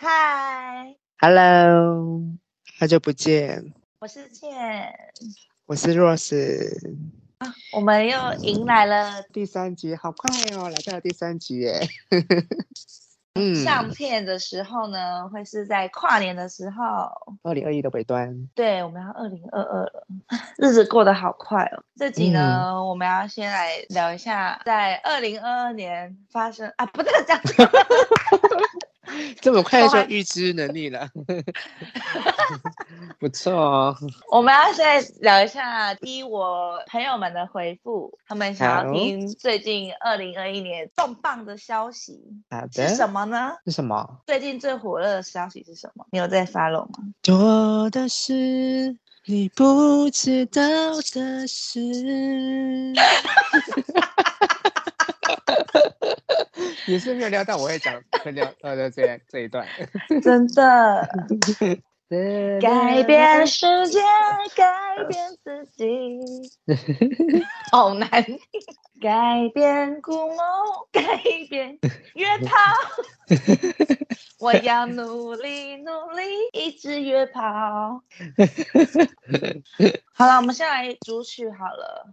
嗨，Hello，好久不見。我是倩，我是 Rose。啊，我們又迎來了、嗯、第三集，好快哦，來到了第三集耶，嗯，上 片的時候呢，會是在跨年的時候，二零二一的尾端。對，我們要二零二二了，日子過得好快哦。這集呢，嗯、我們要先來聊一下，在二零二二年發生啊，不對，這樣子。 這麼快就預知能力了， 不錯哦。我們要現在聊一下，第一我朋友們的回復，他們想要聽最近二零二一年重磅的消息的，是什麼呢？是什麼？最近最火熱的消息是什麼？你有在 follow 嗎？多的是你不知道的事。 你是有聊，但我也講很聊。呃，對，這樣這一段 真的改變世界，改變自己，好難改變故夢，改變約炮，我要努力努力，一直約炮。好了，我們先來組曲好了，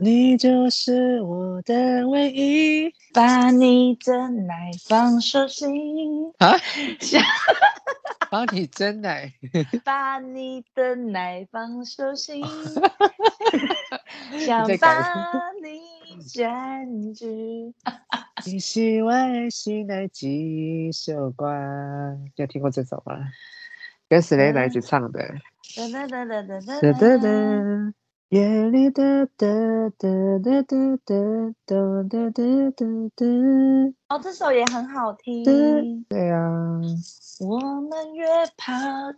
你就是我的唯一，把你的奶放手心。啊，想幫你蒸奶， 把你的奶放手心， 想把你占據。 你是我心內的一首歌，有聽過這首嗎？跟 Selina 一起唱的、嗯。噠噠噠噠噠噠噠噠，噠。夜裡噠噠噠噠噠噠噠噠噠噠的哦，這首也很好聽。對啊，我們約炮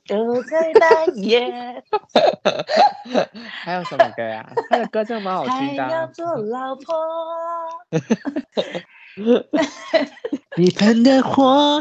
都在半夜。 還有什麼歌呀？啊？他的歌真的蠻好聽的。還要做老婆。哈哈哈哈哈哈！你噴的火。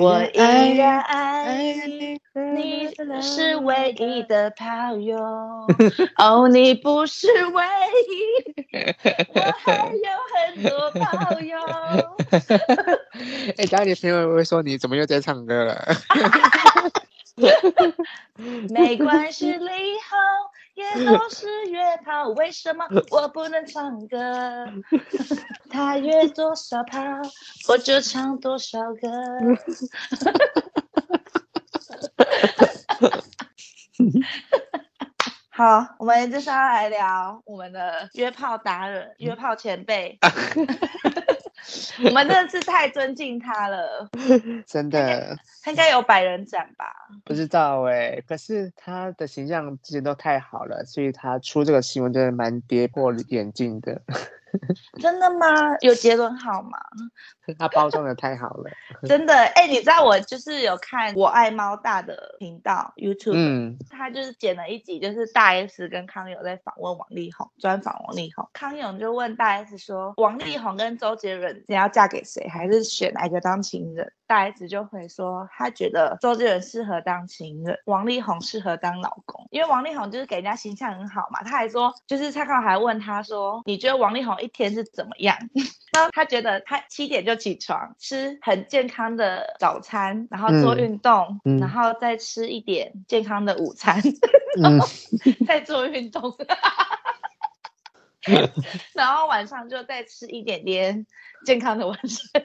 我依然愛你，愛你，你是唯一的炮友，哦、 oh，你不是唯一，我還有很多炮友。哎、 欸，家裡朋友會，會說你怎麼又在唱歌了？ 沒關係係，力宏。也都是約炮，為什麼我不能唱歌？ 他約多少炮，我就唱多少歌。 好，我們接下來來聊我們的約炮達人、約 炮前輩。 我們真的是太尊敬他了， 真的。他應該有百人斬吧？ 不知道哎、欸。可是他的形象之前都太好了，所以他出這個新聞真的蠻跌破眼鏡的。 真的嗎？有傑倫好嗎？ 他包裝的太好了， 真的。哎、欸，你知道我就是有看我愛貓大的頻道 YouTube，、嗯、他就是剪了一集，就是大 S 跟康永在訪問王力宏，專訪王力宏。康永就問大 S 說：“王力宏跟周傑倫，你要嫁給誰？還是選哪個當情人？”大 S 就會說，他覺得周杰倫適合當情人，王力宏適合當老公，因為王力宏就是給人家形象很好嘛。他還說，就是蔡康還問他說：“你覺得王力宏一天是怎麼樣？” 他覺得他七點就起床，吃很健康的早餐，然後做運動、嗯嗯，然後再吃一點健康的午餐，嗯、 再做運動， 然後晚上就再吃一點點健康的晚餐。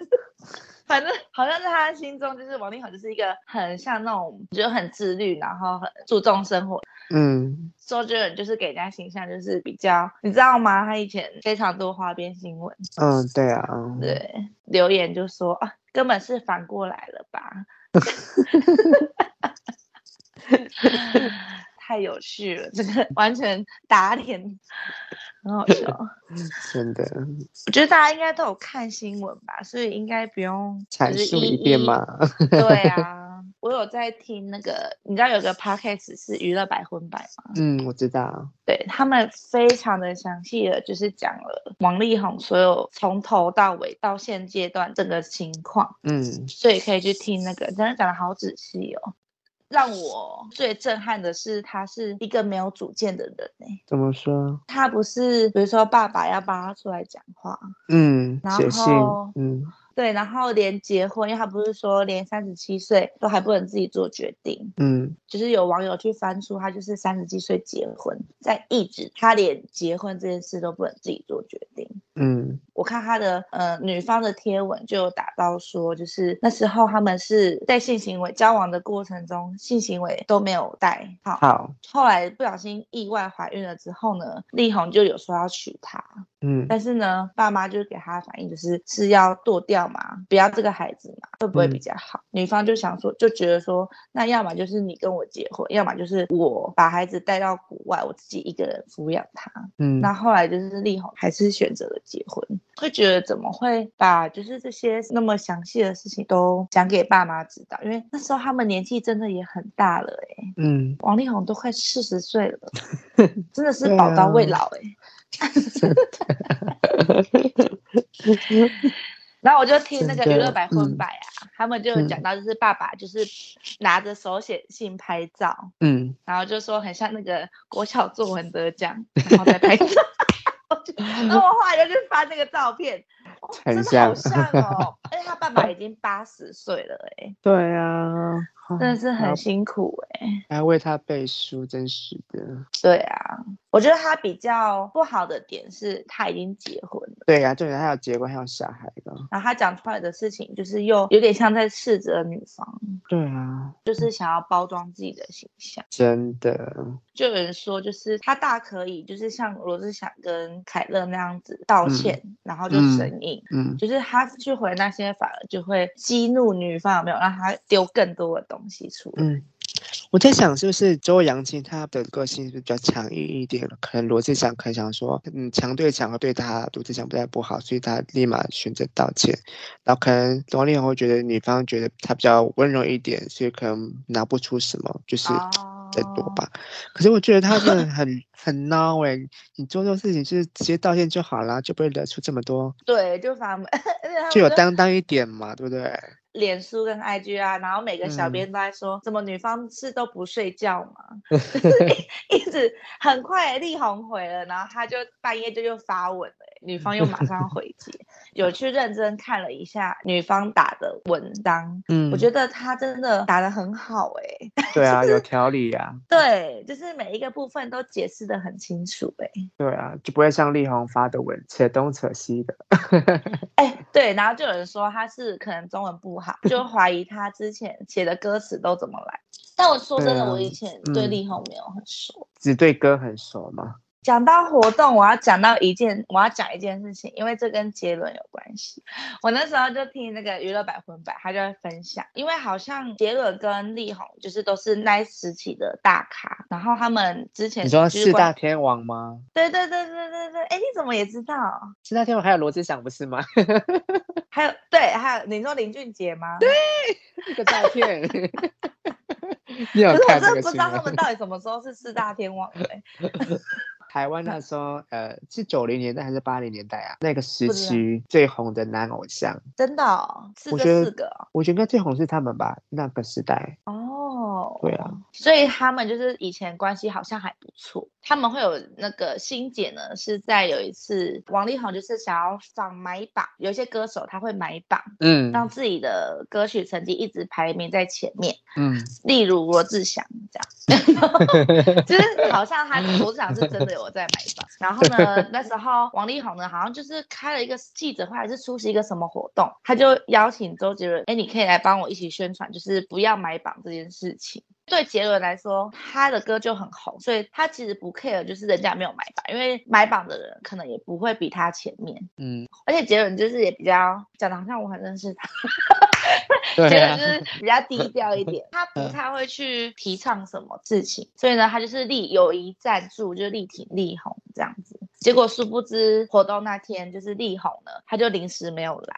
反正好像是他的心中就是王力宏就是一個很像那種就很自律，然後很注重生活，嗯，周杰倫就是給人家形象就是比較，你知道嗎？他以前非常多花邊新聞，嗯，就是、對啊，對，留言就說啊，根本是反過來了吧。 太有趣了，這個完全打臉，很好笑， 真的。我覺得大家應該都有看新聞吧，所以應該不用一一闡述一遍嘛。 對啊，我有在聽那個，你知道有個 podcast 是娛樂百分百嗎？嗯，我知道。對，他們非常的詳細的，就是講了王力宏所有從頭到尾到現階段整個情況。嗯，所以可以去聽那個，真的講得好仔細哦。讓我最震撼的是，他是一個沒有主見的人。怎麼說？他不是，比如說，爸爸要幫他出來講話，嗯，然後寫信，嗯。對，然後連結婚，因為他不是說連三十七歲都還不能自己做決定，嗯，就是有網友去翻出他就是三十七歲結婚，在意指他連結婚這件事都不能自己做決定，嗯，我看他的呃女方的貼文就有打到說，就是那時候他們是在性行為交往的過程中，性行為都沒有戴好，好，後來不小心意外懷孕了之後呢，力宏就有說要娶她。嗯，但是呢，爸媽就給他反應，就是是要剁掉嘛，不要這個孩子嘛，會不會比較好、嗯？女方就想說，就覺得說，那要麼就是你跟我結婚，要麼就是我把孩子帶到國外，我自己一個人撫養他。嗯，那後，後來就是力宏還是選擇了結婚，會覺得怎麼會把就是這些那麼詳細的事情都講給爸媽知道？因為那時候他們年紀真的也很大了哎、欸。嗯，王力宏都快四十歲了， 真的是寶刀未老誒、欸。 真的 然後我就聽那個娛樂百分百啊，嗯、他們就講到，就是爸爸就是拿着手寫信拍照，嗯，然後就說很像那個國小作文得獎，然後再拍照， 然後我後來就發那個照片，哦、真的好像哦，哎，他爸爸已經八十歲了、欸，哎，對啊，真的是很辛苦哎、欸，還要，還要為他背書，真是的，對啊。我覺得他比較不好的點是，他已經結婚了。對呀、啊，就是、啊、他要結婚，他要小孩的。然後他講出來的事情，就是又有點像在斥責女方。對啊，就是想要包裝自己的形象。真的，就有人說，就是他大可以，就是像羅志祥跟凱樂那樣子道歉，嗯、然後就生硬、嗯。嗯。就是他去回那些，反而就會激怒女方，有沒有讓他丟更多的東西出來。嗯我在想，是不是周揚青她的個性是不是比較強硬一點？可能羅志祥可能想說，嗯，強對強和對他，獨自強不太不好，所以他立馬選擇道歉。然後可能王力宏會覺得女方覺得他比較溫柔一點，所以可能拿不出什麼，就是、oh. 再多吧。可是我覺得他們很很孬、no、誒、 欸，你做錯事情就是直接道歉就好啦，就不會惹出這麼多。對，就反 就有擔當，當一點嘛，對不對？臉書跟 IG 啊，然後每個小編都在說、嗯，怎麼女方是都不睡覺嗎？ 就是一,一直很快力宏回了，然後他就半夜就又發文了，女方又馬上回擊。 有去認真看了一下女方打的文章，嗯，我覺得她真的打得很好哎、欸。對啊， 就是、有條理呀、啊。對，就是每一個部分都解釋得很清楚哎、欸。對啊，就不會像力宏發的文扯東扯西的。哎、 欸，對，然後就有人說他是可能中文不好， 就懷疑他之前寫的歌詞都怎麼來。但我說真的、啊，我以前對力宏沒有很熟，嗯、只對歌很熟嘛。講到活動，我要講到一件，我要講一件事情，因為這跟杰倫有關係。我那時候就聽那個娛樂百分百，他就會分享，因為好像杰倫跟力宏就是都是那時期的大咖，然後他們之前你說四大天王嗎？對對對對對對，哎，你怎麼也知道？四大天王還有羅志祥不是嗎？ 還有對，還有你說林俊杰嗎？對， 一個詐大騙。 有可是我真的不知道他們到底什麼時候 是四大天王哎、欸。 台灣那時候，嗯、呃，是九零年代還是八零年代啊？那個時期最紅的男偶像，真的是、哦、四個四個我，我覺得最紅是他們吧？那個時代哦，對啊，所以他們就是以前關係好像還不錯，他們會有那個心結呢。是在有一次，王力宏就是想要上買榜，有些歌手他會買榜，嗯，讓自己的歌曲成績一直排名在前面，嗯，例如羅志祥這樣， 就是好像他羅志祥是真的有。我在買榜，然後呢，那時候王力宏呢，好像就是開了一個記者會，還是出席一個什麼活動，他就邀請周杰倫，哎，你可以來幫我一起宣傳，就是不要買榜這件事情。對傑倫來說，他的歌就很紅，所以他其實不 care，就是人家沒有買榜，因為買榜的人可能也不會比他前面。嗯，而且傑倫就是也比較講得好像我很認識他、 啊，傑倫就是比較低調一點， 他不太會去提倡什麼事情， 所以呢，他就是立友誼贊助，就力挺力宏這樣子。結果殊不知活動那天就是力宏了，他就臨時沒有來。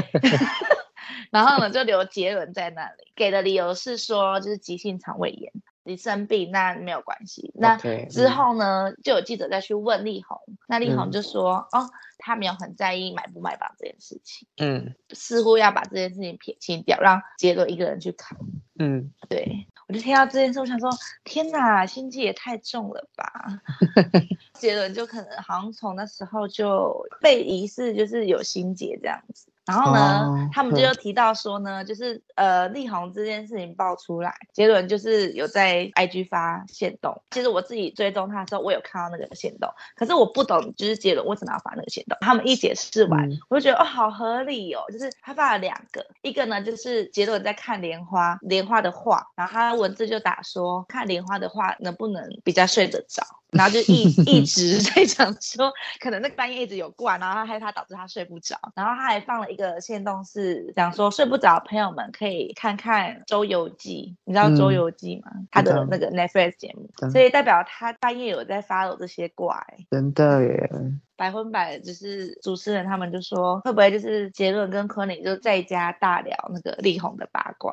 然後呢，就留傑倫在那裡，給的理由是說，就是急性腸胃炎，你生病那沒有關係。那之後呢，okay, 嗯、就有記者再去問力宏，那力宏就說、嗯，哦，他沒有很在意買不買房這件事情，嗯，似乎要把這件事情撇清掉，讓傑倫一個人去扛。嗯，對，我就聽到這件事，我想說，天哪，心機也太重了吧。 傑倫就可能好像從那時候就被疑似就是有心結這樣子。然後呢，啊、他們就又提到說呢，就是呃，力宏這件事情爆出來，杰倫就是有在 IG 發限動。其實我自己追蹤他的時候，我有看到那個限動，可是我不懂，就是杰倫為什麼要發那個限動。他們一解釋完，嗯、我就覺得哦，好合理哦，就是他發了兩個，一個呢就是杰倫在看蓮花，蓮花的畫，然後他文字就打說看蓮花的畫能不能比較睡得着。 然後就一一直在講說，可能那個半夜一直有怪，然後他害怕導致他睡不着，然後他還放了一個限動是講說睡不着，朋友們可以看看《周遊記》，你知道遊《周遊記》嗎？他的那個 Netflix 節目，嗯，所以代表他半夜有在 follow 這些怪，真的耶。百分百就是主持人，他們就說會不會就是傑倫跟昆凌就在家大聊那個力宏的八卦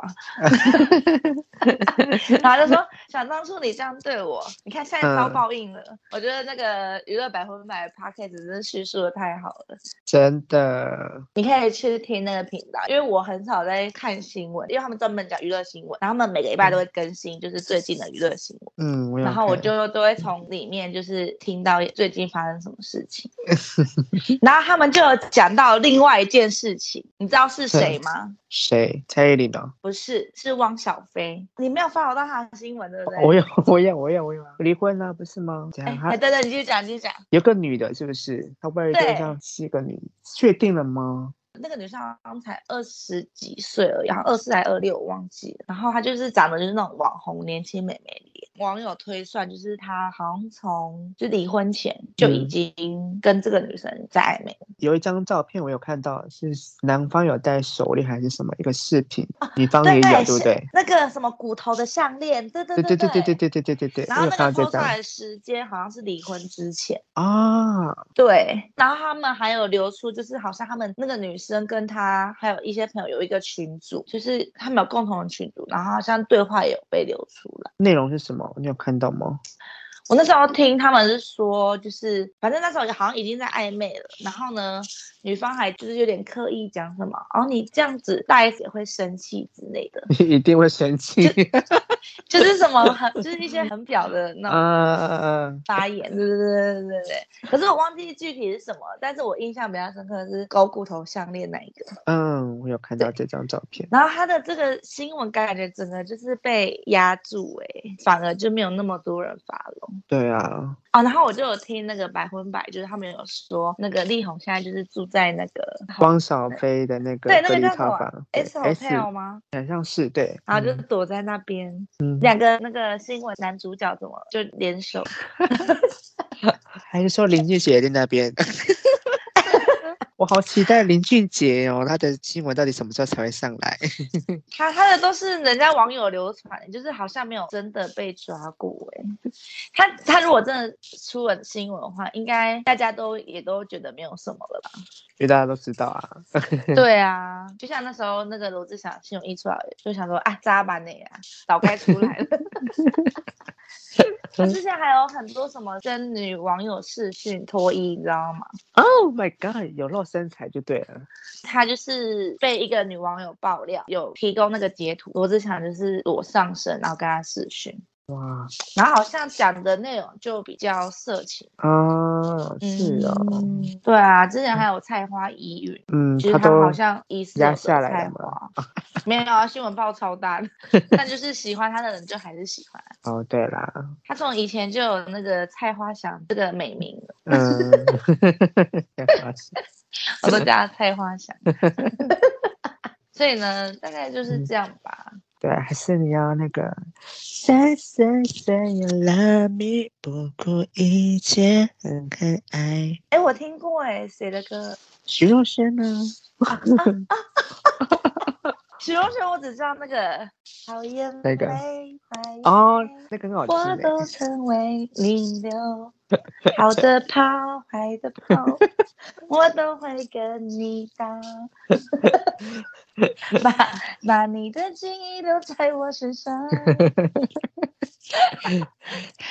然後就說想當初你這樣對我，你看現在遭報應了。我覺得那個娛樂百分百的 podcast 真是敘述的太好了，真的。你可以去聽那個頻道，因為我很少在看新聞，因為他們專門講娛樂新聞，然後他們每個禮拜都會更新，就是最近的娛樂新聞。嗯，然後我就都會從裡面就是聽到最近發生什麼事情。 然後他們就講到另外一件事情，你知道是誰嗎？誰蔡依林嗎？不是，是汪小菲。你沒有發好 l 到他的新聞，對不對？我有，我有，我有，我有。我離婚了，不是嗎？講、欸、他，欸、對，對對，你就講，你就講。有個女的，是不是？她不是對象，是個女，確定了嗎？那個女生好像才二十幾歲，然後二四還是二六我忘記了。然後她就是長得就是那種網紅年輕美眉臉。網友推算就是她好像從就離婚前就已經跟這個女生在曖昧、嗯。有一張照片我有看到，是男方有戴手鏈還是什麼一個飾品、啊，女方也有對，對，對不對？那個什麼骨頭的項鏈，對對對對對對對對對對，對對對對。然後那個勾出來時間好像是離婚之前啊，對。然後他們還有流出就是好像他們那個女生。跟他還有一些朋友有一個群組，就是他們有共同的群組，然後好像對話也有被流出來，內容是什麼？你有看到嗎？我那時候聽他們是說，就是反正那時候好像已經在曖昧了，然後呢，女方還就是有點刻意講什麼，然、哦、後你這樣子大 S 也會生氣之類的，你一定會生氣，就是什麼很， 就是一些很屌的那種發言，uh, uh, uh. 對對對對對可是我忘記具體是什麼，但是我印象比較深刻的是高骨頭項鏈那一個，嗯、uh,，我有看到這張照片，然後他的這個新聞感覺整個就是被壓住，誒，反而就沒有那麼多人發了。對啊，啊、哦，然後我就有聽那個百分百，就是他們有說那個力宏現在就是住在那個汪小菲的那個房，對，那個叫什麼 l 嗎？好像是對，然後就躲在那邊，兩、嗯、個那個新聞男主角怎麼就聯手？ 還是說林俊杰在那邊？ 我好期待林俊傑哦，他的新聞到底什麼時候才會上來？他 他的都是人家網友流傳，就是好像沒有真的被抓過哎。他他如果真的出了新聞的話，應該大家都也都覺得沒有什麼了吧？因為大家都知道啊。 對啊，就像那時候那個羅志祥新聞一出來，就想說啊渣你啊，早該、啊、出來了。 我 之前還有很多什麼跟女網友視訊脫衣，你知道嗎？Oh my god，有露身材就對了。他就是被一個女網友爆料，有提供那個截圖。羅志祥就是裸上身，然後跟他視訊。哇，然後好像講的內容就比較色情啊，是哦、喔嗯，對啊，之前還有菜花疑雲，嗯，其實他好像疑似要下來了，沒有啊，新聞報超大的， 但就是喜歡他的人就還是喜歡哦，對啦，他從以前就有那個菜花祥這個美名， 嗯 我都叫菜花祥， 所以呢，大概就是這樣吧。嗯對，還是你要那個。三三三又拉你不顧一切很可愛。哎， 我聽過哎，誰的歌？徐若瑄呢？ 啊啊啊啊啊許嵩，我只知道那個討厭那個哦，那個好、欸、我都成為你留好的泡壞的泡， 我都會跟你打。 把把你的記憶留在我身上。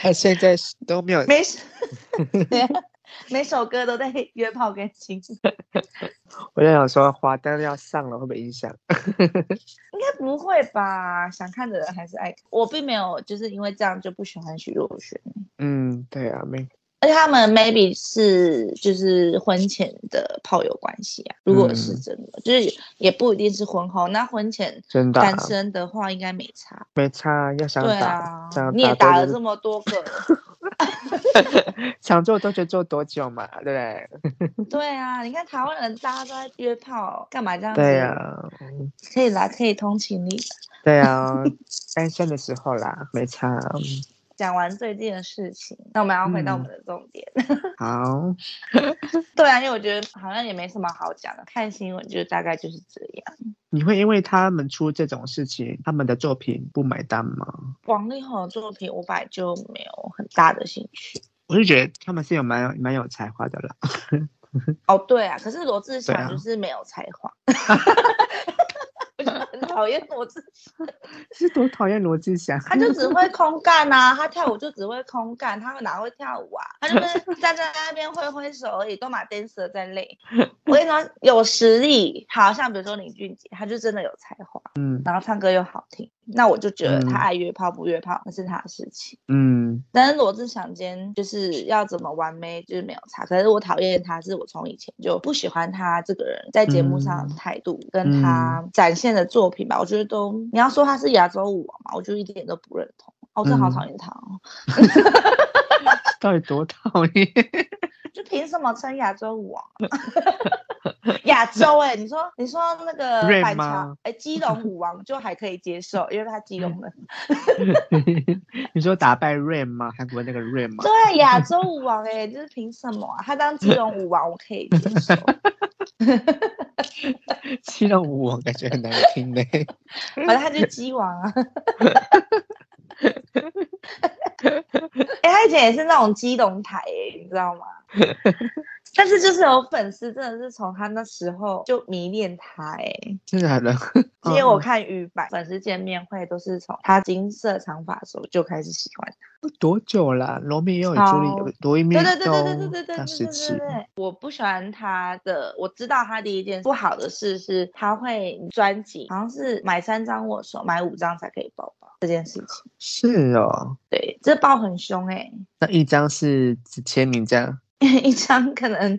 他、 啊、現在都沒有沒事。 每首歌都在約炮跟親新， 我在想，想說花旦要上了會不會影響？ 應該不會吧，想看的人還是愛。我並沒有就是因為這樣就不喜歡徐若瑄。嗯，對啊 m 而且他們 maybe 是就是婚前的炮友關係啊，如果是真的、嗯，就是也不一定是婚後。那婚前真的、啊、單身的話應該沒差，沒差。要想打，對啊、想打你也打了這麼多個。 想做多久做多久嘛，對不對？ 對啊，你看台灣人大家都在約炮，幹嘛這樣子？對啊，可以啦，可以同情你。 對啊，單身的時候啦，沒差、哦。講完最近的事情，那我們要回到我們的重點。嗯、好， 對啊，因為我覺得好像也沒什麼好講的，看新聞就大概就是這樣。你會因為他們出這種事情，他們的作品不買單嗎？王力宏的作品，我本來就沒有很大的興趣。我就覺得他們是有蠻有蠻有才華的啦。 哦，對啊，可是羅志祥就是沒有才華。討厭羅志祥，是多討厭羅志祥？他就只會空幹啊，他跳舞就只會空幹，他哪會跳舞啊？他就是站在那邊揮揮手而已，都馬 dancer 在累。我跟你說，有實力，好像比如說林俊傑，他就真的有才華，嗯，然後唱歌又好聽。嗯那我就覺得他愛約炮不約炮那是他的事情，嗯。但是羅志祥間就是要怎麼玩美就是沒有差，可是我討厭他是我從以前就不喜歡他這個人，在節目上的態度跟他展現的作品吧，嗯、我覺得都你要說他是亞洲舞王嘛，我就一點都不認同。哦、我真的好討厭他哦，嗯、 到底多討厭？就憑什麼稱亞洲舞王？亞 洲誒、欸，你說你說那個 Rain 嗎？誒、欸，基隆舞王就還可以接受，因為他基隆的。 你說打敗 Rain 嗎？韓國那個 Rain 嗎？對、啊，亞洲舞王誒、欸，就是憑什麼、啊？他當基隆舞王我可以接受。 基隆舞王感覺很難聽呢、欸。 反正他就基王啊。哎、 欸，他以前也是那種基隆台哎、欸，你知道嗎？ 但是就是有粉絲真的是從他那時候就迷戀他哎、欸，真的還能。今天我看羽柏、哦、粉絲見面會，都是從他金色長髮的時候就開始喜歡他。多久了、啊？羅密歐與朱麗葉有、哦、多一面對對，對，對，對，對，對，對，對對。十次。我不喜歡他的，我知道他第一件不好的事是他會專輯，好像是買三張握手，買五張才可以抱抱這件事情。是哦，對，這抱很凶哎、欸。那一張是只簽名這樣。 一張可能，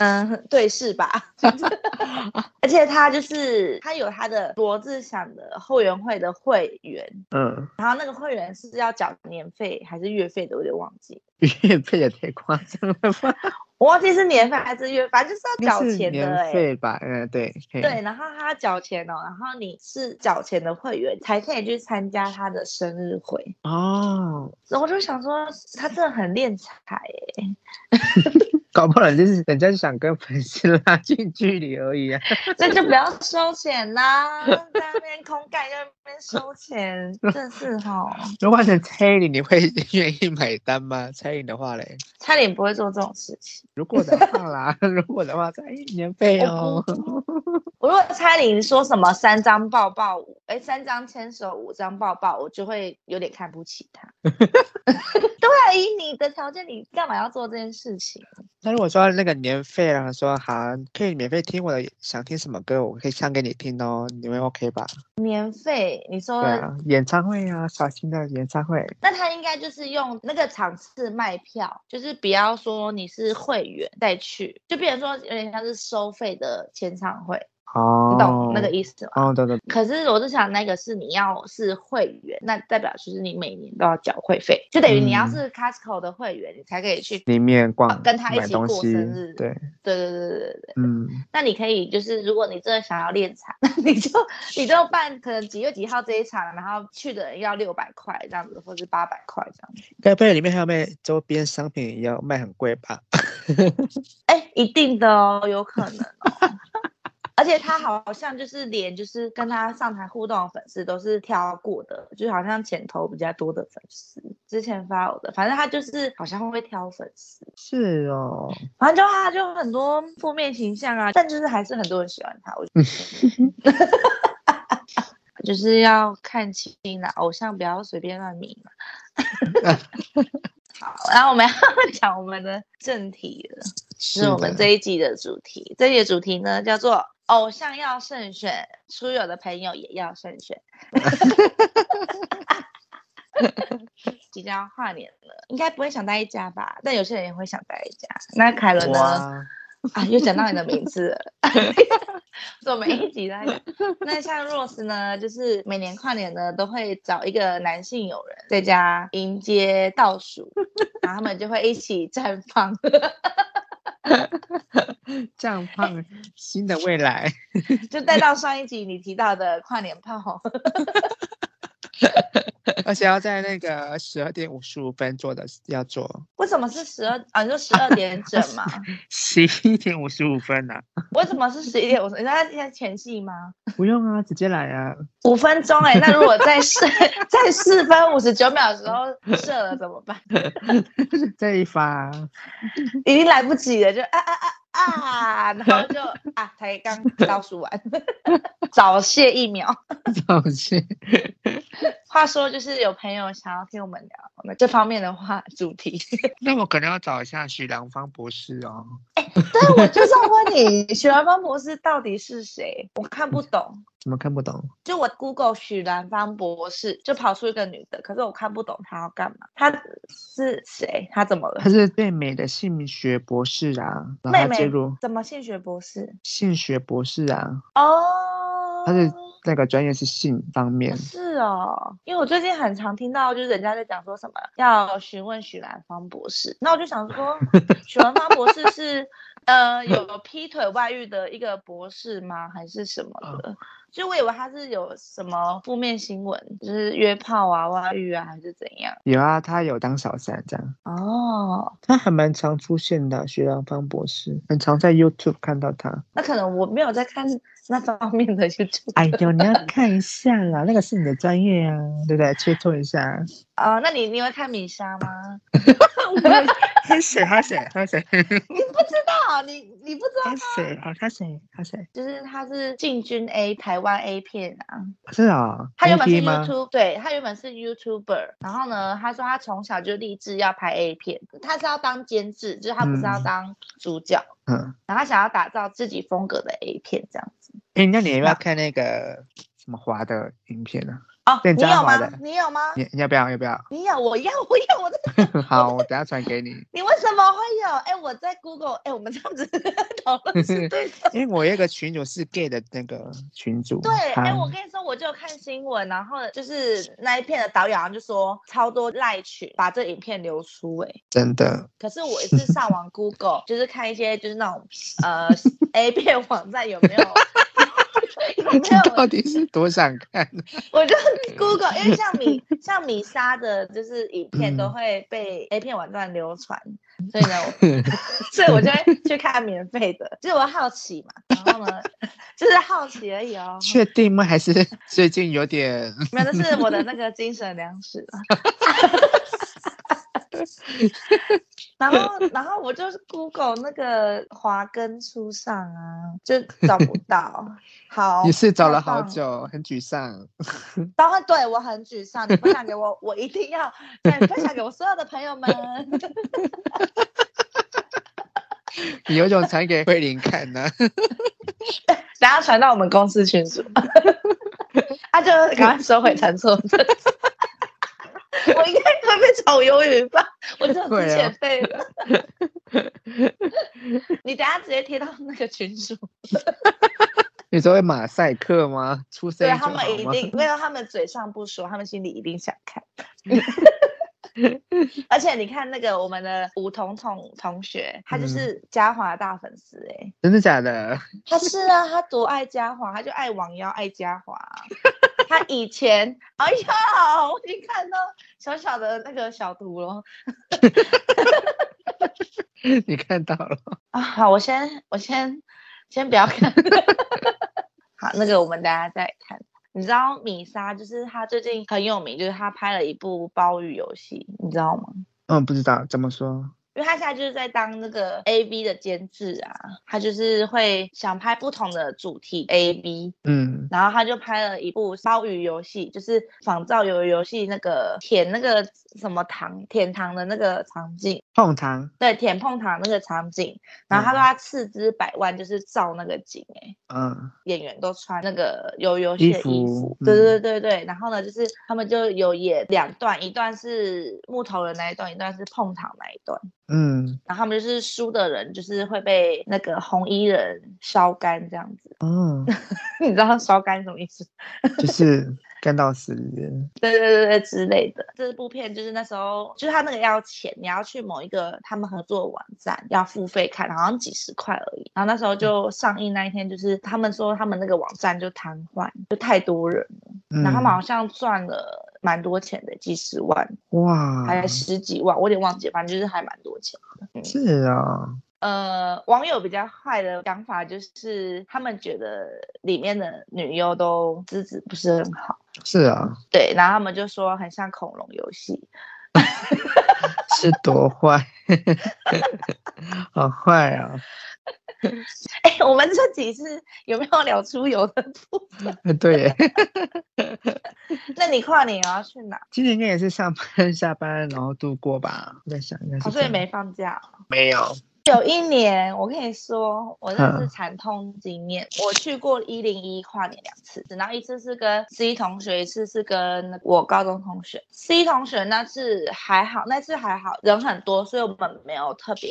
嗯、呃，對視吧， 而且他就是他有他的羅志祥的後援會的會員，嗯，然後那個會員是要繳年費還是月費的，我有點忘記的。月費也太誇張了吧！我忘記是年費還是月費，反正就是要繳錢的哎。年費吧，嗯、呃，對，對。然後他繳錢哦，然後你是繳錢的會員才可以去參加他的生日會哦。我就想說，他真的很斂財哎。 搞不好就是人家想跟粉絲拉近距離而已啊。那 就不要收錢啦，在那邊空干在那邊收錢，真、 就是哈。如果換成蔡穎，你會願意買單嗎？蔡穎的話嘞，蔡穎不會做這種事情。 如果的話啦，如果的話，蔡穎免費哦。Oh, oh. 我如果蔡穎說什麼三張抱抱，哎、欸，三張牽手，五張抱抱，我就會有點看不起他。 對、啊，以你的條件，你幹嘛要做這件事情？他如果說那個年費、啊，然後說好可以免費聽我的，想聽什麼歌，我可以唱給你聽哦，你們 OK 吧？年費，你說、啊、演唱會啊，小型的演唱會，那他應該就是用那個場次賣票，就是不要說你是會員帶去，就比如說有點像是收費的簽唱會。哦，你懂那個意思嗎？哦，懂懂。可是我是想那個是，你要是會員，那代表就是你每年都要繳會費，就等於你要是 Costco 的會員，嗯、你才可以去裡面逛，啊，跟他一起過生日。對，對對對對對嗯，那你可以就是，如果你真的想要練場，那你就你就辦，可能幾月幾號這一場，然後去的人要六百塊這樣子，或是八百塊這樣子。該不會，裡面還有沒有週邊商品要賣很貴吧？哎、 欸，一定的哦，有可能，哦。 而且他好像就是連就是跟他上台互動的粉絲都是挑過的，就好像前頭比較多的粉絲之前發我的，反正他就是好像會挑粉絲。是哦，反正就他、啊、就很多負面形象啊，但就是還是很多人喜歡他。我覺得 就是要看清了，偶像不要隨便亂迷嘛。 好，然後我們要講我們的正題了，是，就是我們這一集的主題。這一集的主題呢叫做。偶像要慎選，出遊的朋友也要慎選。即 將跨年了，應該不會想待在家吧？但有些人也會想待在家。那凱倫呢？啊，又講到你的名字了。 做每一集的那樣。那像 Rose 呢，就是每年跨年呢都會找一個男性友人在家迎接倒數， 然後他們就會一起綻放。 這樣放新的未來、欸。就帶到上一集你提到的跨年炮 ， 而且要在那個十二點五十五分做的，要做。為什麼是十二啊？就十二點整嘛？十 一點五十五分啊。為什麼是十一點五？那現在前戲嗎？不用啊，直接來啊。五分鐘哎、欸，那如果 在四在四分五十九秒的時候射了怎麼辦？ 這一發、啊，已經來不及了，就啊啊啊！啊，然後就啊，才剛倒數完，早洩疫苗。早洩，話說，就是有朋友想要聽我們聊我們這方面的話主題，那我可能要找一下徐良芳博士哦。哎、欸，對，我就是要問你，徐良芳博士到底是誰？我看不懂。怎麼看不懂？就我 Google 許藍方博士，就跑出一個女的，可是我看不懂她要幹嘛。她是誰？她怎麼了？她是最美的性學博士啊！妹妹，怎麼性學博士？性學博士啊！哦，她是那個專業是性方面。是哦，因為我最近很常聽到，就是人家在講說什麼要詢問許藍方博士，那我就想說，許藍方博士是 呃有劈腿外遇的一個博士嗎？還是什麼的？Oh. 就我以為他是有什麼負面新聞，就是約炮啊、挖玉啊，還是怎樣？有啊，他有當小三這樣。哦，他還蠻常出現的，徐良芳博士很常在 YouTube 看到他。那可能我沒有在看那方面的 YouTube、就是。哎呦，你要看一下啦， 那個是你的專業啊，對不對？切磋一下。哦、呃，那你你會看米莎嗎？看誰？看誰？看誰？你不知道，你你不知道。看誰？好，看誰？看就是他是進軍 A 台。台灣 A 片啊，是啊、哦，他原本是 YouTube，對，他原本是 YouTuber，然後呢，他說他從小就立志要拍 A 片，他是要當監製，就是他不是要當主角，嗯，嗯，然後他想要打造自己風格的 A 片這樣子。哎、欸，那你有沒有看那個什麼華的影片呢、啊？哦，你有嗎？你有嗎你？你要不要？要不要？你有，我要，我要，我的。 好，我等下傳給你。 你為什麼會有？哎、欸，我在 Google，哎、欸，我們這樣子討論 是對。因為我有一個群組是 gay 的那個群組。對，哎、嗯欸，我跟你說，我就看新聞，然後就是那一片的導演好像就說超多賴群把這影片流出、欸，哎，真的。可是我一次上網 Google， 就是看一些就是那種呃 A 片網站有沒有。 你到底是多想看？我就 Google，因為像米 像米莎的，就是影片都會被 A 片網站流傳、嗯，所以呢，我 所以我就會去看免費的，就是、我好奇嘛， 然後呢，就是好奇而已哦。確定嗎？還是最近有點？沒有，那是我的那個精神糧食。 然後，然後我就是 Google 那個華燈初上啊，就找不到。好，你是找了好久，很沮喪。然後對我很沮喪，你分享給我，我一定要對 分享給我所有的朋友們。 你有種傳給慧玲看呢、啊？ 等下傳到我們公司群組，他、 啊、就趕快收回傳錯 我應該會被炒魷魚吧？我交不起學費了。啊、 你等下直接貼到那個群組。 你說會馬賽克嗎？出聲。對他們一定，沒 有他們嘴上不說，他們心裡一定想看。 而且你看那個我們的吳彤彤同學，他就是嘉華的大粉絲哎、嗯，真的假的？他是啊，他多愛嘉華，他就愛王妖，愛嘉華。他以前，哎呀，我已經看到小小的那個小圖了， 你看到了啊？好，我先，我先，先不要看， 好，那個我們大家再看，看。你知道米莎就是他最近很有名，就是他拍了一部鮑魚遊戲，你知道嗎？嗯，不知道怎麼說。因為他現在就是在當那個 A V 的監製啊，他就是會想拍不同的主題 A V。嗯，然後他就拍了一部《鮑魚遊戲》，就是仿造魷魚遊戲那個舔那個什麼糖，舔糖的那個場景，碰糖，對，舔碰糖的那個場景。然後他說他斥資百萬，就是造那個景、欸，哎、嗯，嗯，演員都穿那個魷魚遊戲的衣服，衣服、嗯，對對對對，然後呢，就是他們就有演兩段，一段是木頭人那一段，一段是碰糖那一段。嗯，然後他們就是輸的人，就是會被那個紅衣人燒乾這樣子。嗯， 你知道他“燒乾”什麼意思？ 就是。看到十年對對對對，之類的，這部片就是那時候，就是他那個要錢，你要去某一個他們合作的網站要付費看，好像幾十塊而已。然後那時候就上映那一天，就是他們說他們那個網站就癱瘓，就太多人了。嗯，然後他們好像賺了蠻多錢的，幾十萬，哇，還有十幾萬，我有點忘記，反正就是還蠻多錢。是啊。呃，網友比較壞的想法就是，他們覺得裡面的女優都資質不是很好。是啊、哦。對，然後他們就說很像恐龍遊戲。 是多壞壞笑？好壞啊！哎，我們這幾次有沒有聊出遊的部分、 嗯？對。 那你跨年要去哪？今年應該也是上班、下班，然後度過吧。我在想，一下，是。所以沒放假、哦。沒有。有一年，我跟你說，我那是慘痛經驗、嗯。我去過一零一跨年兩次，然後一次是跟 C 同學，一次是跟我高中同學 C 同學那次還好，那次還好，人很多，所以我們沒有特別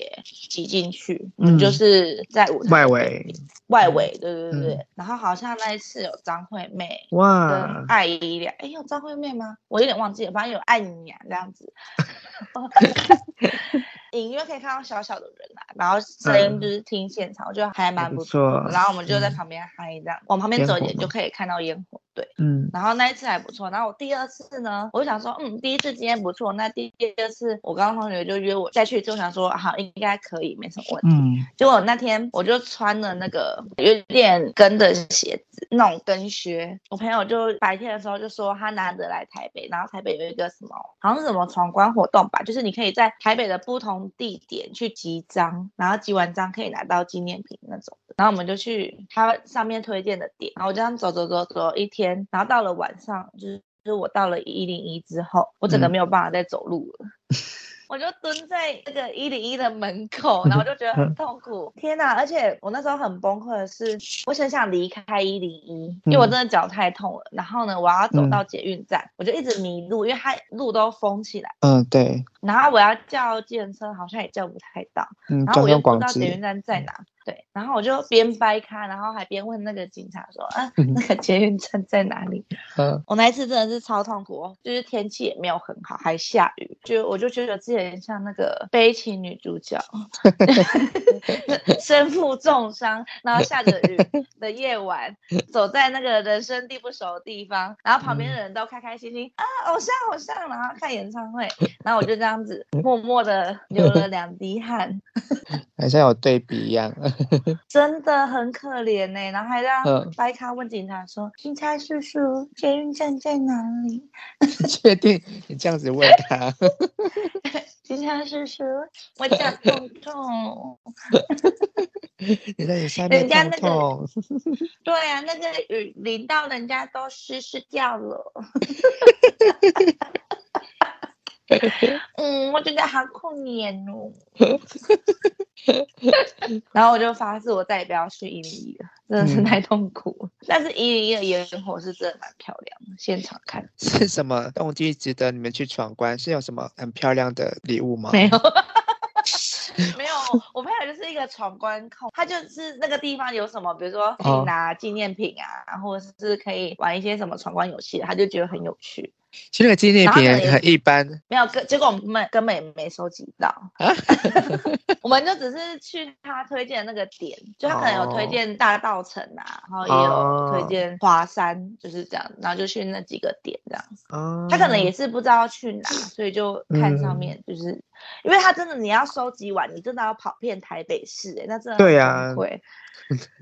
擠進去，嗯，就是在舞台外圍，外圍，對對對對、嗯。然後好像那一次有張惠妹艾怡良哇，跟艾怡良，哎有張惠妹嗎？我有一點忘記了，反正有艾怡良這樣子。 隱約可以看到小小的人來、啊、然後聲音就是聽現場，我覺得還蠻不錯，不錯。然後我們就在旁邊嗨，這樣往旁邊走一點就可以看到煙火，煙火。對，嗯。然後那一次還不錯。然後我第二次呢，我就想說，嗯，第一次今天不錯，那第二次我剛剛同學就約我再去，就想說好、啊、應該可以，沒什麼問題、嗯。結果那天我就穿了那個有點跟的鞋子，那種跟靴。我朋友就白天的時候就說他難得來台北，然後台北有一個什麼，好像是什麼闖關活動吧，就是你可以在台北的不同。地點去集章，然後集完章可以拿到紀念品那種。然後我們就去他上面推薦的點，然後我就這樣走走走走一天。然後到了晚上，就是就是我到了一零一之後，我整個沒有辦法再走路了。嗯 我就蹲在那個一零一的門口，然後我就覺得很痛苦，嗯嗯、天哪！而且我那時候很崩潰的是，我很想離開一零一，因為我真的腳太痛了。然後呢，我要走到捷運站，嗯，我就一直迷路，因為它路都封起來。嗯，對。然後我要叫計程車，好像也叫不太到。嗯，然後我又不知道捷運站在哪。對，然後我就邊掰卡，然後還邊問那個警察說，啊，那個捷運站在哪裡、嗯？我那一次真的是超痛苦，就是天氣也沒有很好，還下雨，就我就覺得自己很像那個悲情女主角， 身負重傷，然後下着雨的夜晚，走在那個人生地不熟的地方，然後旁邊的人都開開心心、嗯、啊，偶像偶像，然後看演唱會，然後我就這樣子默默的流了兩滴汗，好像有對比一樣。 真的很可憐呢、欸，然後還讓掰咖，問警察說、嗯：“警察叔叔，捷運站在哪裡？”確 定你這樣子問他， 警察叔叔，我腳痛痛。 你在雨傘， 人家那個對啊，那個雨淋到人家都濕濕掉了。 嗯，我覺得好可憐哦。 然後我就發誓，我再也不要去一零一了，真的是太痛苦。嗯、但是一零一的煙火是真的蠻漂亮的，現場看。是什麼動機值得你們去闖關？是有什麼很漂亮的禮物嗎？沒有。 沒有，我朋友就是一個闖關控，他就是那個地方有什麼，比如說可以拿紀念品啊，然、oh. 後或者是可以玩一些什麼闖關遊戲，他就覺得很有趣。其實那個紀念品很一般，沒有，跟結果我們根本也沒收集到。Huh? 我們就只是去他推薦那個點，就他可能有推薦大稻埕啊，oh. 然後也有推薦華山，就是這樣，然後就去那幾個點這樣子。Oh. 他可能也是不知道去哪，所以就看上面就是。因為他真的，你要收集完，你真的要跑遍台北市，哎，那真的對呀，會，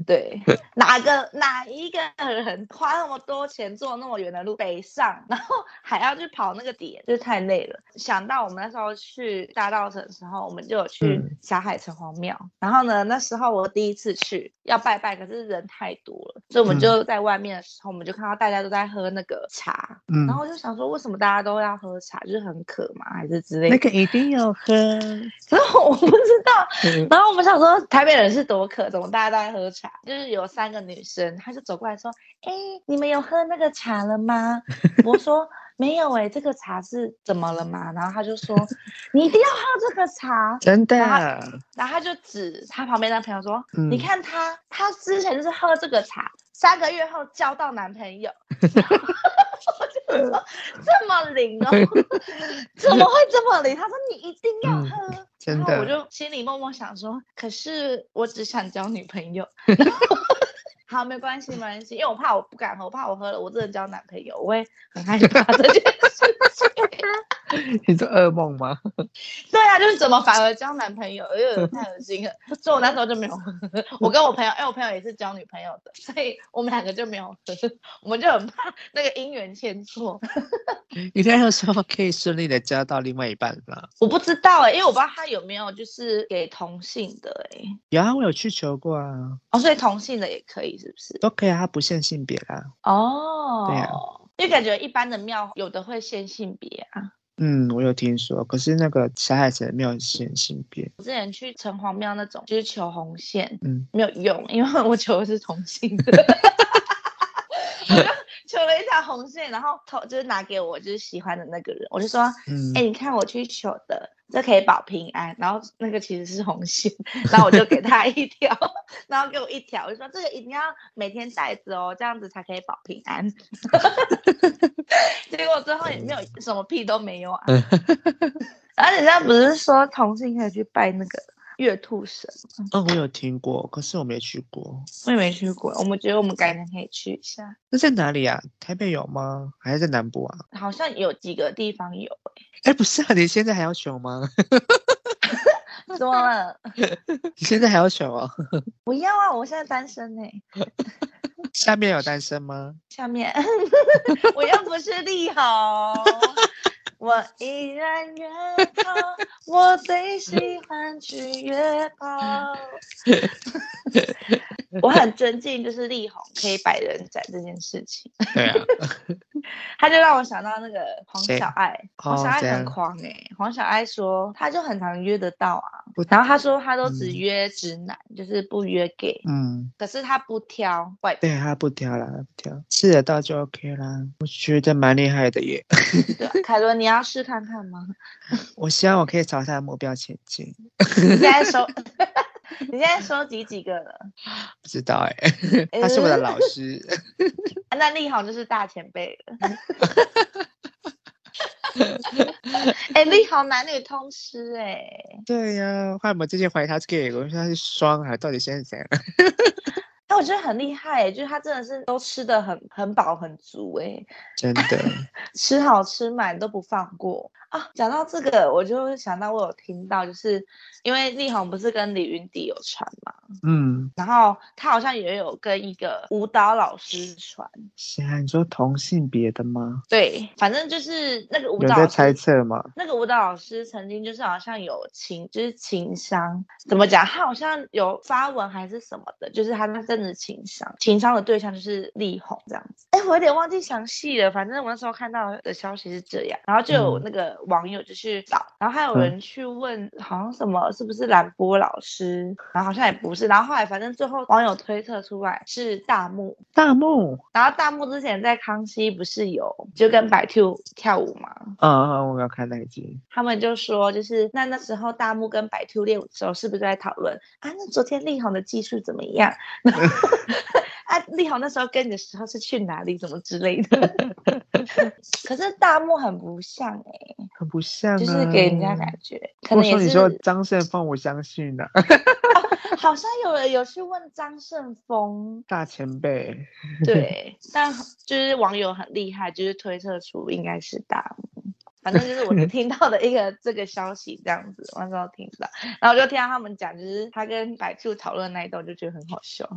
對、啊對， 哪個哪一個人花那麼多錢坐那麼遠的路北上，然後還要去跑那個點，就是太累了。想到我們那時候去大稻埕的時候，我們就有去霞海城隍廟，嗯，然後呢，那時候我第一次去要拜拜，可是人太多了，所以我們就在外面的時候，嗯、我們就看到大家都在喝那個茶，嗯，然後我就想說，為什麼大家都要喝茶，就是很渴嘛，還是之類的，那個一定要。喝，可是我不知道。然後我們想說，台北人是多渴，怎麼大家都在喝茶？就是有三個女生，她就走過來說：“哎，你們有喝那個茶了嗎？” 我說：“沒有哎、欸，這個茶是怎麼了嗎？”然後她就說：“你一定要喝這個茶，真的。然”然後她就指她旁邊的朋友說、嗯：“你看她，她之前就是喝這個茶，三個月後交到男朋友。” 我就說，這麼靈靈哦， 怎麼會這麼靈？他說，你一定要喝。然後我就心裡默默想說，可是我只想交女朋友。 好，沒關係，沒關係，因為我怕我不敢喝，我怕我喝了我真的交男朋友，我會很害怕這件事情。 你做噩夢嗎？ 對啊，就是怎麼反而交男朋友，哎呦太惡心了。所以，我那時候就沒有喝，我跟我朋友，哎、欸，我朋友也是交女朋友的，所以我們兩個就沒有喝， 我們就很怕那個姻緣牽錯。 你該有什麼可以順利的交到另外一半嗎？ 我不知道哎、欸，因為我不知道他有沒有就是給同性的哎、欸。有啊，我有去求過啊。哦、oh,，所以同性的也可以。是不是都可以啊？不限性別啊。哦，對啊，因為感覺一般的廟有的會限性別啊。嗯，我有聽說，可是那個小孩子廟限性別。我之前去城隍廟那種，就是求紅線，嗯，沒有用，因為我求的是同性的。 求了一條紅線，然後投就是拿給我就是喜歡的那個人，我就說，哎、嗯欸，你看我去求的，這個、可以保平安。然後那個其實是紅線，然後我就給他一條， 然後給我一條，我就說這個一定要每天戴著哦，這樣子才可以保平安。 結果最後也沒有什麼屁都沒有啊。然後人家不是說同性可以去拜那個？月兔神？嗯、哦，我有聽過，可是我沒去過，我也沒去過。我們覺得我們改天可以去一下。那在哪裡啊？台北有嗎？還是在南部啊？好像有幾個地方有哎、欸，不是啊，你現在還要選嗎？怎 麼 了？你現在還要選哦？ 我要啊，我現在單身呢、欸。 下面有單身嗎？下面， 我又不是力宏。 我依然約好 我最喜歡去約炮。 我很尊敬，就是力宏 可以百人斬這件事情。對啊，他就讓我想到那個黃小愛，黃小愛很狂誒、欸。黃小愛說，他就很常約得到啊。然後他說，他都只約直男、嗯，就是不約 gay。嗯，可是他不挑外表，對，他不挑啦，他不挑，吃得到就 OK 啦。我覺得蠻厲害的耶。卡 羅、啊、你要。要試看看嗎？我希望我可以朝他的目標前進 。你現在收， 你現在收集幾，幾個了？不知道哎、欸，他是我的老師、嗯 啊。那力宏就是大前輩哎、 欸，力宏男女通吃哎、欸 啊。對呀，我們之前懷疑他是 gay，我們說他是雙啊，到底現在是怎樣？ 哎，我覺得很厲害哎、欸，就是他真的是都吃的很很飽很足哎、欸。真的 吃好吃滿都不放過啊！講到這個，我就會想到我有聽到，就是因為力宏不是跟李雲迪有傳嘛，嗯，然後他好像也有跟一個舞蹈老師傳。天啊，你說同性別的嗎？對，反正就是那個舞蹈老師有在猜測嘛，那個舞蹈老師曾經就是好像有情，就是情傷怎麼講？他好像有發文還是什麼的，就是他那是。真的情商，情商的對象就是力宏這樣子。哎，我有點忘記詳細了。反正我那時候看到的消息是這樣，然後就有那個網友就是找、嗯，然後還有人去問，好像什麼是不是藍波老師、嗯，然後好像也不是。然後後來反正最後網友推測出來是大木，大木。然後大木之前在康熙不是有就跟白兔跳舞嗎？嗯嗯，我沒有看那一集。他們就說就是那那時候大木跟白兔練舞的時候是不是在討論啊？那昨天力宏的技術怎麼樣？ 啊，哈，力宏那時候跟你的時候是去哪裡，什麼之類的？ 可是大漠很不像哎、欸，很不像、啊，就是給人家感覺。啊、可能我說你說張勝峰，我相信的、啊 哦，好像有人有去問張勝峰大前輩， 對，但就是網友很厲害，就是推測出應該是大漠。反正就是我就聽到的一個這個消息這樣子， 我時聽到。然後我就聽到他們講，就是他跟白兔討論那一段，我就覺得很好笑。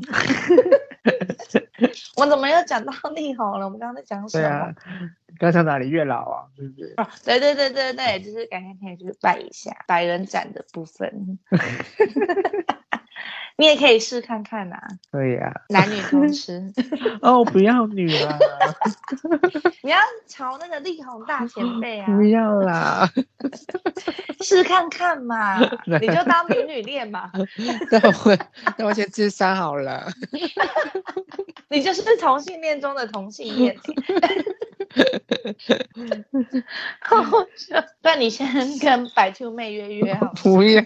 我怎麼又講到力宏了？我們剛剛在講什麼？對啊，剛才哪裡？越老啊，是不是？啊、對，對對對對對，嗯、就是改天可以去拜一下百人斬的部分。 你也可以試看看吶、啊，對呀啊，男女通吃 哦，不要女了、啊， 你要朝那個力宏大前輩啊，哦、不要啦， 試看看嘛， 你就當美女戀嘛，那 我那我先自殺好了， 你就是同性戀中的同性戀、欸。 呵呵呵呵，那你先跟白秋妹約約好不好？ 不要，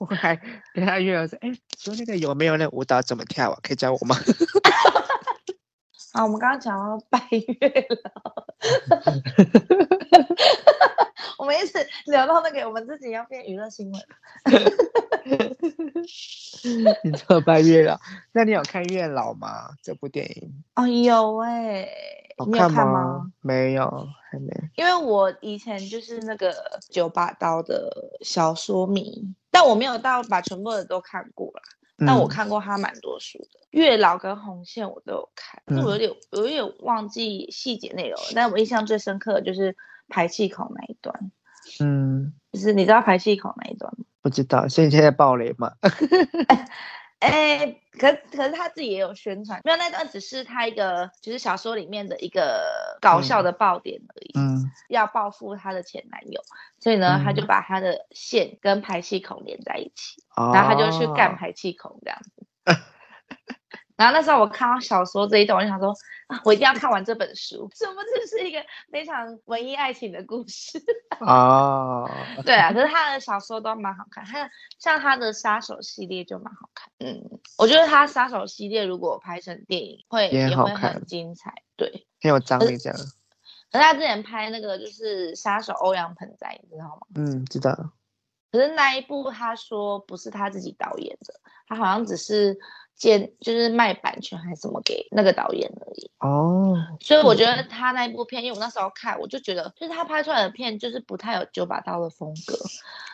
我還跟他約了說，欸、說那個有沒有那舞蹈怎麼跳啊？可以教我嗎？啊 我們剛剛講到拜月老， 我們一直聊到那個我們自己要變娛樂新聞。 你講拜月老，那你有看月老嗎？這部電影？哦、oh, 欸，有哎。你有看嗎？沒有，還沒。因為我以前就是那個九把刀的小說迷，但我沒有到把全部的都看過了，嗯。但我看過他蠻多書的，《月老》跟《紅線》我都有看，嗯，但我有點我有點忘記細節內容，嗯。但我印象最深刻的就是排氣口那一段。嗯，就是你知道排氣口那一段嗎？不知道，所以現在暴雷嘛。 哎、欸，可可是他自己也有宣傳，沒有那段只是他一個，就是小說裡面的一個搞笑的爆點而已。嗯嗯、要報復他的前男友，所以呢，嗯、他就把他的線跟排氣孔連在一起，哦、然後他就去幹排氣孔這樣子。 然後那時候我看到小說這一段，我就想說，我一定要看完這本書。什麼這是一個非常文藝愛情的故事？哦、oh. 對啊。可是他的小說都蠻好看，像像他的殺手系列就蠻好看。嗯，我覺得他殺手系列如果拍成電影會也，也會很精彩。對，很有張力這樣。可是他之前拍那個就是殺手歐陽盆栽，你知道嗎？嗯，知道。可是那一部他說不是他自己導演的，他好像只是。就是賣版權還是什麼給那個導演而已哦，Oh, okay. 所以我覺得他那一部片，因為我那時候看，我就覺得就是他拍出來的片就是不太有九把刀的風格。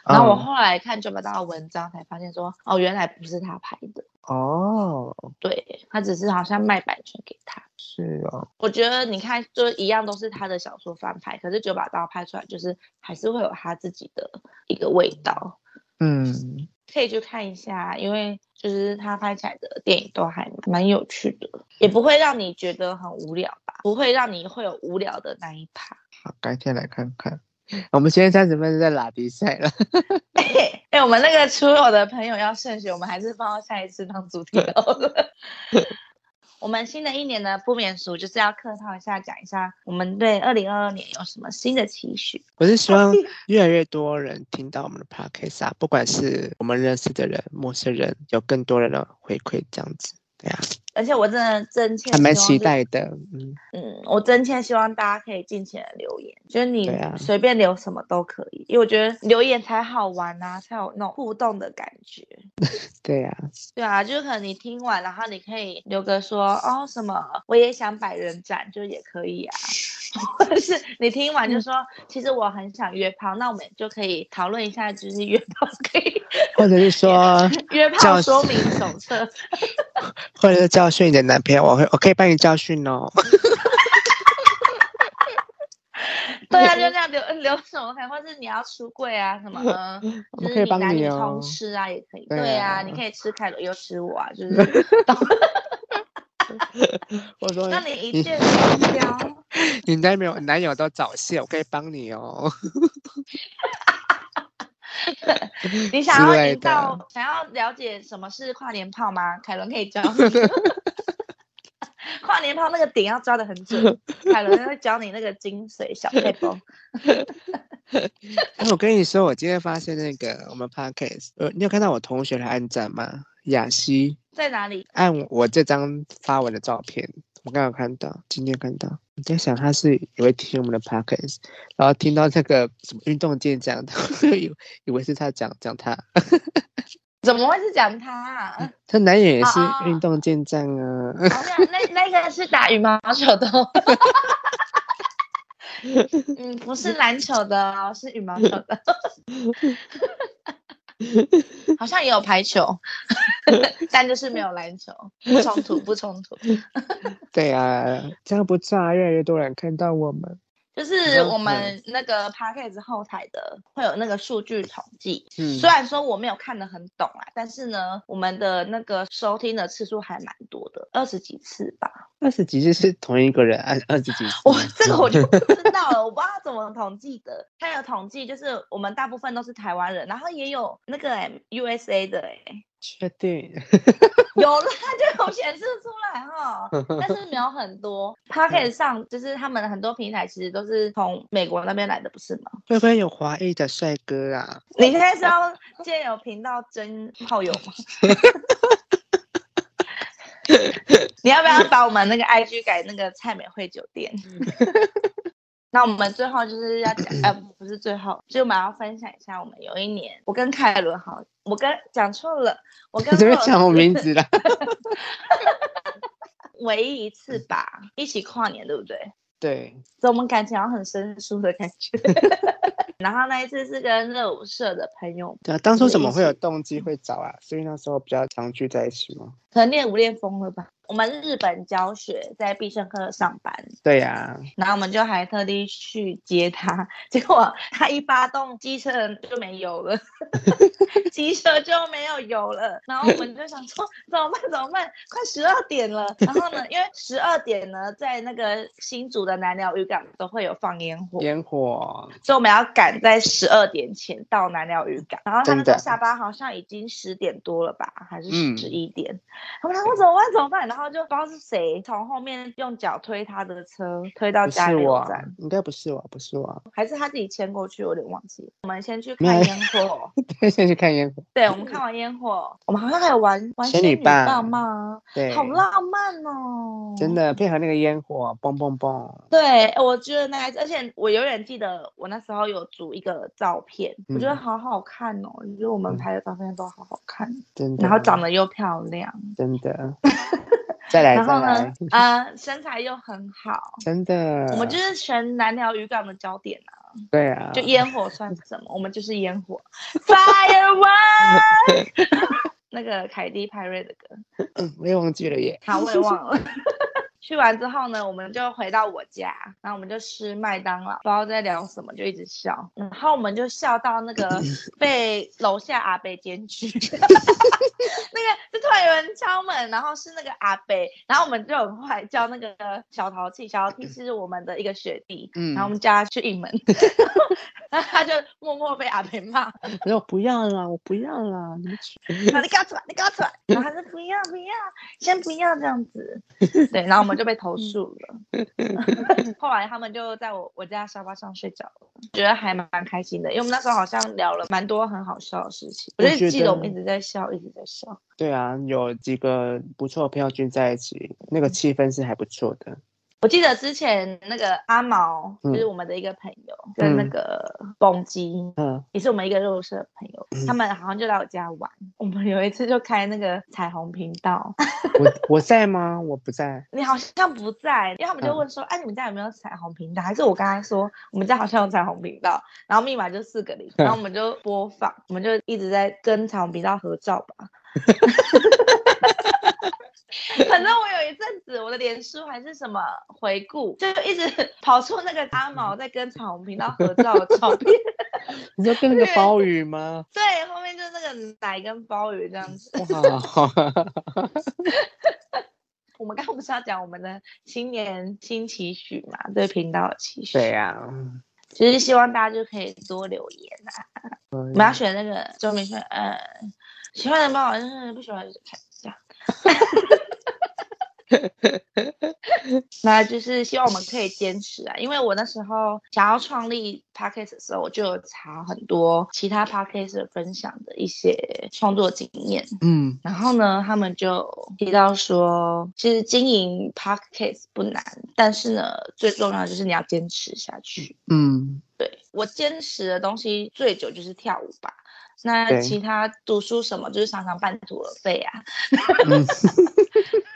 Oh. 然後我後來看九把刀的文章，才發現說哦，原來不是他拍的哦。Oh. 對，他只是好像賣版權給他。是啊，我覺得你看，就一樣都是他的小說翻拍，可是九把刀拍出來就是還是會有他自己的一個味道。嗯、mm.。可以去看一下，因為就是他拍起來的電影都還蠻，蠻有趣的，也不會讓你覺得很無聊吧，不會讓你會有無聊的那一趴。好，改天來看看。 我們現在三十分在拉比賽了。哎、 欸欸，我們那個出遊的朋友要慎選，我們還是放到下一次當主題哦。 我們新的一年呢，不免俗，就是要客套一下，講一下我們對二零二二年有什麼新的期許。我是希望越來越多人聽到我們的 podcast 啊，不管是我們認識的人、陌生人，有更多人的回饋這樣子，對呀，啊。而且我真的真切，還蠻期待的。嗯，嗯我真切希望大家可以盡情的留言，就是你隨便留什麼都可以，啊，因為我覺得留言才好玩吶，啊，才有那種互動的感覺。對呀，啊，對啊，就是可能你聽完，然後你可以留個說，哦什麼，我也想百人斬，就也可以啊。或 者是你聽完就說，其實我很想約炮，那我們就可以討論一下，就是約炮可以， 或者是說約炮 說明手冊， 或者是教訓你的男朋友，我會我可以幫你教訓哦。 對啊，就這樣留留什麼或者是你要出櫃啊什麼呢， 就是你男女通吃啊 我們可以幫你也可以對、啊。對啊，你可以吃凱羅，又吃我、啊，就是。 我說，那你一箭雙雕。 你男友男友都早洩，我可以幫你哦。 你想要知道， 想要了解什麼是跨年炮嗎？凱倫可以教你。 跨年炮那個點要抓得很準， 凱倫會教你那個精髓小撇步。 哎，我跟你說，我今天發現那個我們 podcast 呃，你有看到我同學來按讚嗎？雅西在哪裡？按我這張發文的照片，我剛剛看到，今天看到，我在想他是以為聽我們的 podcast 然後聽到那個什麼運動健將，以為以為是他講講他，怎麼會是講他，啊？他男演也是運動健將啊，哦哦那那那個是打羽毛球的， 嗯，不是籃球的，哦，是羽毛球的。 好像也有排球， 但就是沒有籃球。 不衝突，不衝突。 對啊，這樣不錯啊，越來越多人看到我們。就是我們那個 podcast 後台的會有那個數據統計、嗯，雖然說我沒有看得很懂啊，但是呢，我們的那個收聽的次數還蠻多的，二十幾次吧。二十幾次是同一個人二十幾次、次？我這個我就不知道了，我不知道怎麼統計的。他 有統計，就是我們大部分都是台灣人，然後也有那個 USA 的誒確定， 有了就有顯示出來哈、哦，但是沒有很多。他 可以上就是他們很多平台其實都是從美國那邊來的，不是嗎？會不會有華裔的帥哥啊？ 你現在是要藉由頻道徵炮友嗎？ 你要不要把我們那個 IG 改那個蔡美惠酒店？嗯那我們最後就是要講，呃，不是最後，就馬上分享一下我們有一年，我跟凱倫好，我跟講錯了，我跟怎麼講我名字了， 唯一一次吧，嗯、一起跨年對不對？對，所以我們感情好像很生疏的感覺， 然後那一次是跟熱舞社的朋友，對、啊，當初怎麼會有動機會找啊？所以那時候比較常聚在一起嗎？可能練舞練瘋了吧。我們日本教學在必勝客上班，對呀、啊，然後我們就還特地去接他，結果他一發動機車就沒油了，機車就沒有油了， 了，然後我們就想說，怎麼辦？ 怎麼辦？快十二點了，然後呢，因為十二點呢，在那個新竹的南寮漁港都會有放煙火，煙火，所以我們要趕在十二點前到南寮漁港，然後他們下班好像已經十點多了吧，還是十一點，我們說怎麼辦怎麼辦？然後就不知道是誰從後面用腳推他的車，推到加油站，應該不是我，不是我，還是他自己牽過去，有點忘記。我們先去看煙火，對， 先去看煙火。對，我們看完煙火， 我們好像還有玩玩仙女棒嗎？對，好浪漫哦。真的配合那個煙火，嘣嘣嘣。對，我覺得那一而且我永遠記得我那時候有組一個照片，嗯、我覺得好好看哦，你覺得我們拍的照片都好好看，真、嗯、的。然後長得又漂亮，真的。 再來再來呢，啊、 呃，身材又很好，真的，我們就是全南寮魚港的焦點啊。對啊，就煙火算什麼？ 我們就是煙火 Firework 那個凱蒂派瑞的歌，嗯，我也忘記了耶，好我也忘了。 去完之後呢，我們就回到我家，然後我們就吃麥當勞，不知道在聊什麼，就一直笑，然後我們就笑到那個被樓下阿伯檢舉， 那個就突然有人敲門，然後是那個阿伯。然後我們就很快叫那個小淘氣，小淘氣是我們的一個學弟，然後我們叫他去應門。 他就默默被阿美罵，我說我不要了，我不要了，你去。那 你給我出來，你給我出來。我 還是不要，不要，先不要這樣子。 對，然後我們就被投訴了。 後來他們就在我我家沙發上睡着了，覺得還蠻開心的，因為我們那時候好像聊了蠻多很好笑的事情，我就記得我們一直在笑，一直在笑。對啊，有幾個不錯的朋友聚在一起，那個氣氛是還不錯的。嗯我記得之前那個阿毛，就是我們的一個朋友，嗯，跟那個蹦雞、嗯嗯嗯，也是我們一個肉色的朋友，嗯，他們好像就來我家玩，嗯。我們有一次就開那個彩虹頻道，我我在嗎？我不在。 你好像不在，因為他們就問說：“哎、嗯啊，你們家有沒有彩虹頻道？”還是我剛才說我們家好像有彩虹頻道，然後密碼就四個零，然後我們就播放，嗯，我們就一直在跟彩虹頻道合照吧。嗯 反正我有一陣子，我的臉書還是什麼回顧，就一直跑出那個阿毛在跟彩虹頻道合照的照片。 你在跟那個鮑魚嗎？對？對，後面就是那個奶跟鮑魚這樣子。 Wow . 我們剛，剛不是要講我們的新年新期許嘛？對，頻道的期許。對啊，其實希望大家就可以多留言啊。 我們要選那個周明軒，嗯，喜歡的幫我，就、嗯、是、嗯、不喜歡就開掉。 那就是希望我們可以堅持啊！因為我那時候想要創立 podcast 的時候，我就有查很多其他 podcast 的分享的一些創作經驗。嗯，然後呢，他們就提到說，其實經營 podcast 不難，但是呢，最重要的就是你要堅持下去。嗯，對，我堅持的東西最久就是跳舞吧。那其他讀書什麼，就是常常半途而廢啊。嗯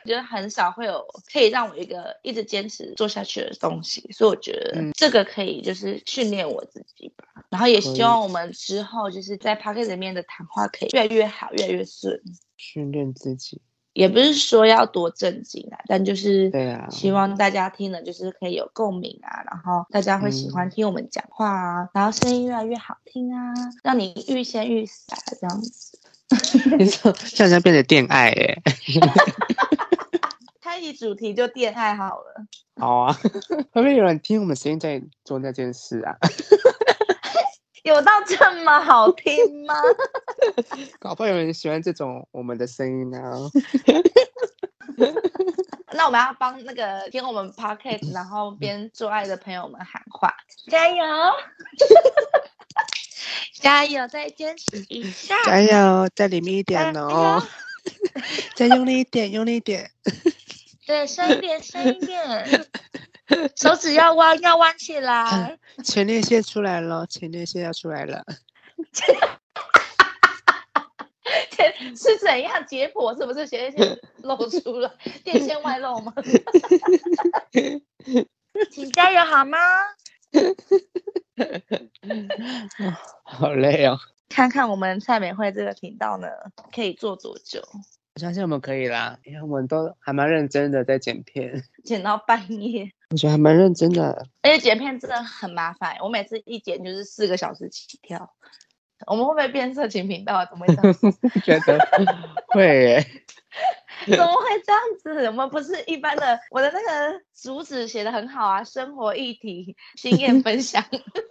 覺得很少會有可以讓我一個一直堅持做下去的東西，所以我覺得這個可以就是訓練我自己吧。嗯、然後也希望我們之後就是在 podcast 裡面的談話可以越來越好，越來越順。訓練自己，也不是說要多正經啊，但就是對啊，希望大家聽了就是可以有共鳴啊，然後大家會喜歡聽我們講話啊，嗯、然後聲音越來越好聽啊，讓你欲仙欲死這樣子。你說，像在變成電愛哎、欸。 一主題就戀愛好了。好啊，會不會有人聽我們聲音在做那件事啊？ 有到這麼好聽嗎？ 搞不好有人喜歡這種我們的聲音呢、啊。 那我們要幫那個聽我們 podcast 然後邊做愛的朋友們喊話： 加油！ 加油！再堅持一下！加油！再裡面一點哦！ 再用力一點，用力一點！ 對，深一點，深一點手指要彎，要彎起來，前列腺出來了，前列腺要出來了，前 是怎樣？結果是不是前列腺露出了 電線外露嗎？請 加油好嗎？哦、好累哦，看看我們蔡美惠這個頻道呢，可以做多久我相信我們可以啦，因為我們都還蠻認真的在剪片，剪到半夜，我覺得還蠻認真的、啊。而且剪片真的很麻煩，我每次一剪就是四個小時起跳。我們會不會變色情頻道？啊？怎麼會這樣？ 覺得會、欸？怎麼會這樣子？我們不是一般的，我的那個主旨寫得很好啊，生活議題、經驗分享。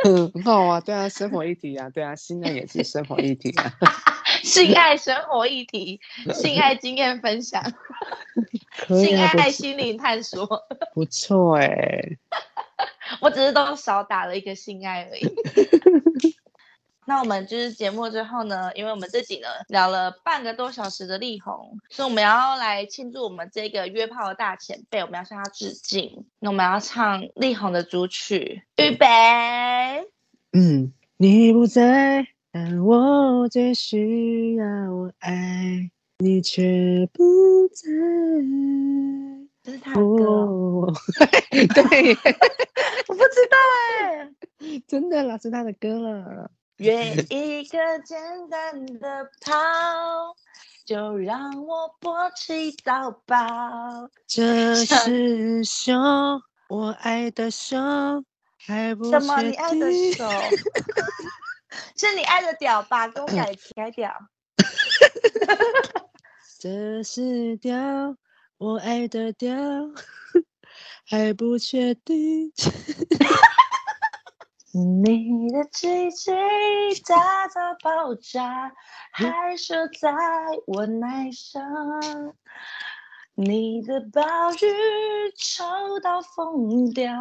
嗯 很好啊。對啊，生活議題啊，對啊，新的也是生活議題啊。 性愛生活議題， 性愛經驗分享、啊，性愛心靈探索，不錯哎、欸， 我只是都少打了一個性愛而已。 那我們就是節目之後呢，因為我們自己呢聊了半個多小時的力宏，所以我們要來慶祝我們這個約炮的大前輩，我們要向他致敬。那我們要唱力宏的組曲，預備，嗯，你不在。但我最需要我愛，你卻不在。這、哦、哦哦哦哦哦 對耶， 我不知道哎，真的老是他的歌了。約一個簡單的泡，就讓我撥起到爆。這是手，我愛的手，還不確定。 是你愛的屌吧？給我改改屌。呃、 這是屌，我愛的屌，還不確定。 你的雞雞大到爆炸，還射在我奶上。 你的鮑魚抽到瘋掉，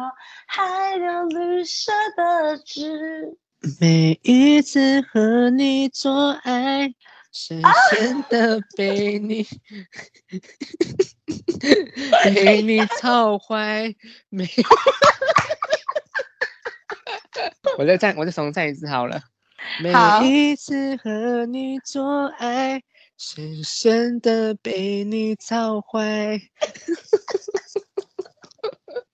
還有綠色的紙。每一次和你做愛，深深的被你 被你操壞，每哈哈哈哈哈！我再，我再重唱一次好了。好。每一次和你做愛，深深的被你操壞，哈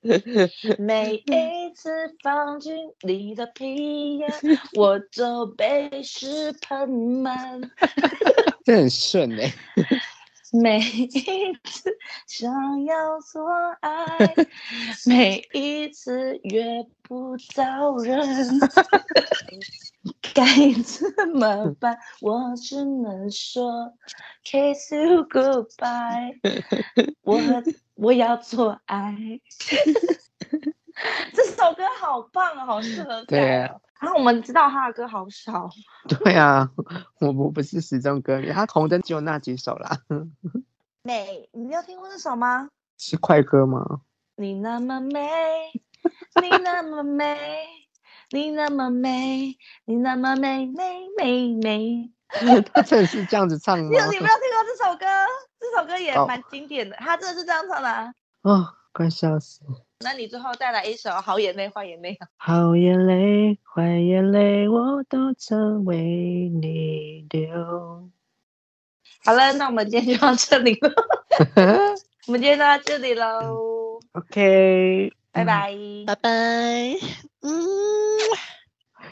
哈每， 每。 每次放進你的皮夾，我都被石噴滿。這 很順哎、欸。每一次想要做愛， 每一次約不到人， 該怎麼辦？我只能說，Kiss you goodbye 我。我我要做愛。 這首歌好棒，好適合對、啊，然、啊、後我們知道他的歌好少。 對啊，我我不，不是死忠歌迷，他紅的只有那幾首啦。 美，你沒有聽過這首嗎？是快歌嗎？你那麼美，你那麼美， 你那麼美，你那麼美，美美美。美 他真的是這樣子唱的。你有沒有聽過這首歌？這首歌也蠻經典的、哦，他真的是這樣唱的。啊，快、哦、笑死了！那你最後再來一首好眼淚壞眼淚，啊。好眼淚壞眼淚，我都曾為你流。好了，那我們今天就到這裡了， 我們今天就到這裡嘍。OK，拜拜，拜拜。嗯，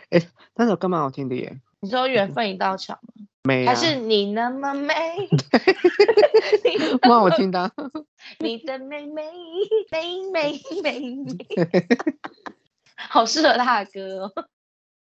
哎，那首歌蠻好聽的耶。你知道緣分一道橋嗎？嗯啊、還是你那麼美，哇！我聽到 你的妹妹妹妹妹妹， 好適合大哥。